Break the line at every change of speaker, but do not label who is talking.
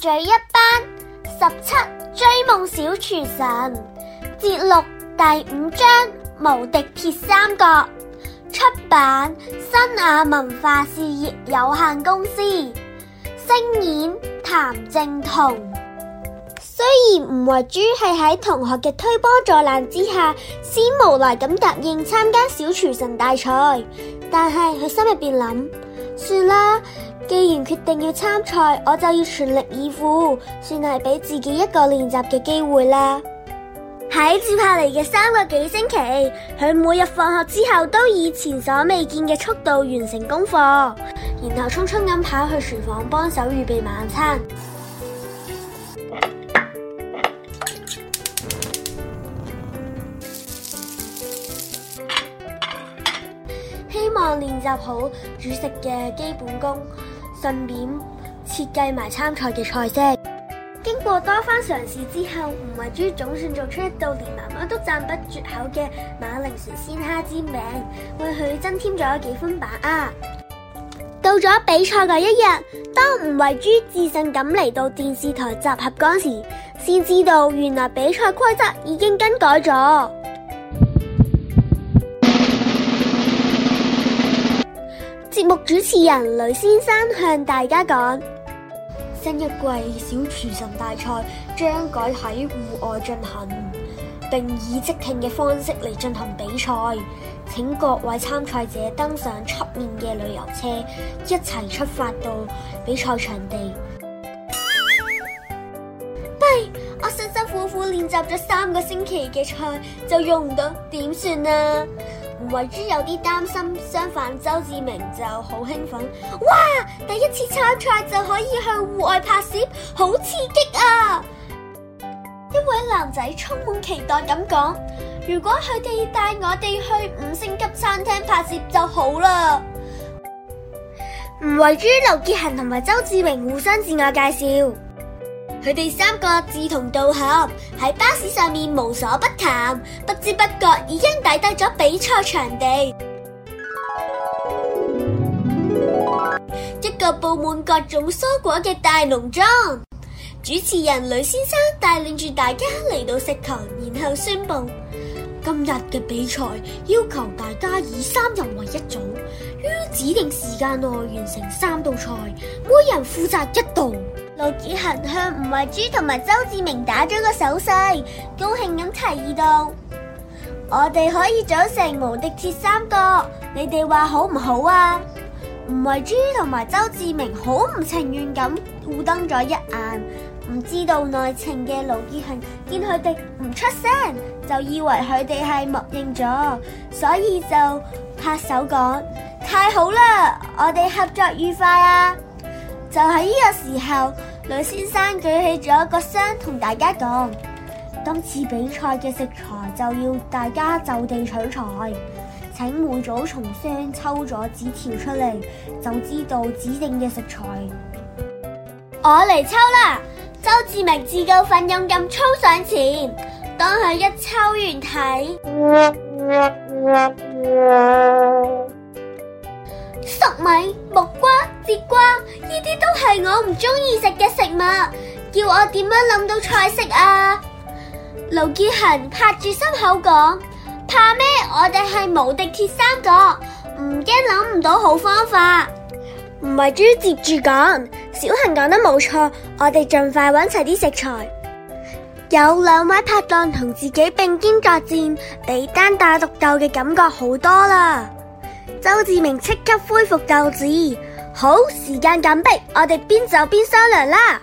鬥嘴一班十七追夢小廚神，節錄第五章無敵鐵三角，出版新亞文化事業有限公司，聲演譚靖潼。雖然吳慧珠係喺同學嘅推波助瀾之下，先無奈咁答應參加小廚神大賽，但係佢心入邊諗。算啦，既然決定要參賽，我就要全力以赴，算係俾自己一個練習嘅機會啦。喺接下嚟嘅三個幾星期，佢每日放學之後都以前所未見嘅速度完成功課，然後匆匆咁跑去廚房幫手預備晚餐。我練習好煮食嘅基本功，順便設計埋參賽嘅菜式。經過多番嘗試之後，吳慧珠總算做出一道連媽媽都讚不絕口嘅馬鈴薯鮮蝦煎餅，為佢增添咗幾分把握。到咗比賽嘅一日，當吳慧珠自信咁嚟到電視台集合嗰時，先知道原來比賽規則已經更改咗。節目主持人呂先生向大家講：新一季小廚神大賽將改喺戶外進行，並以即興嘅方式嚟進行比賽，請各位參賽者登上出面嘅旅遊車，一齊出發到比賽場地。喂，我辛辛苦苦練習咗三個星期嘅菜就用唔到，點算啊？吳慧珠有啲擔心，相反周志明就好興奮，哇！第一次參賽就可以去戶外拍攝，好刺激啊！一位男仔充滿期待咁講：如果佢哋帶我哋去五星級餐廳拍攝就好啦。吳慧珠、劉杰恒同埋周志明互相自我介紹。佢哋三個志同道合，喺巴士上面無所不談，不知不覺已經抵達咗比賽場地——一個布滿各種蔬果嘅大農莊。主持人呂先生帶領住大家嚟到食堂，然後宣布今日嘅比賽要求大家以三人為一組，於指定時間內完成三道菜，每人負責一道。盧杰恆向吳慧珠同埋周志明打咗個手勢，高興咁提議道：「我哋可以組成無敵鐵三角，你哋話好唔好啊？」吳慧珠同埋周志明好唔情願咁互瞪咗一眼，唔知道內情嘅盧杰恆見佢哋唔出聲，就以為佢哋係默認咗，所以就拍手講：太好啦，我哋合作愉快啊！就喺呢個時候。呂先生舉起咗個箱，同大家講：今次比賽嘅食材就要大家就地取材，請每組從箱抽咗紙條出嚟，就知道指定嘅食材。我嚟抽啦！周志明自告奮勇咁衝上前，當佢一抽完睇，粟 米、木瓜、節瓜，呢啲都係我唔中意食。叫我點樣諗到菜式啊？劉杰恒拍住心口講：怕咩？我哋係無敵鐵三角，唔驚諗唔到好方法。吳慧珠接住講：小恒講得冇錯，我哋盡快揾齊啲食材。有兩位拍檔同自己並肩作戰，比單打獨鬥嘅感覺好多啦。周志明即刻恢復鬥志，好，時間緊迫，我哋邊走邊商量啦。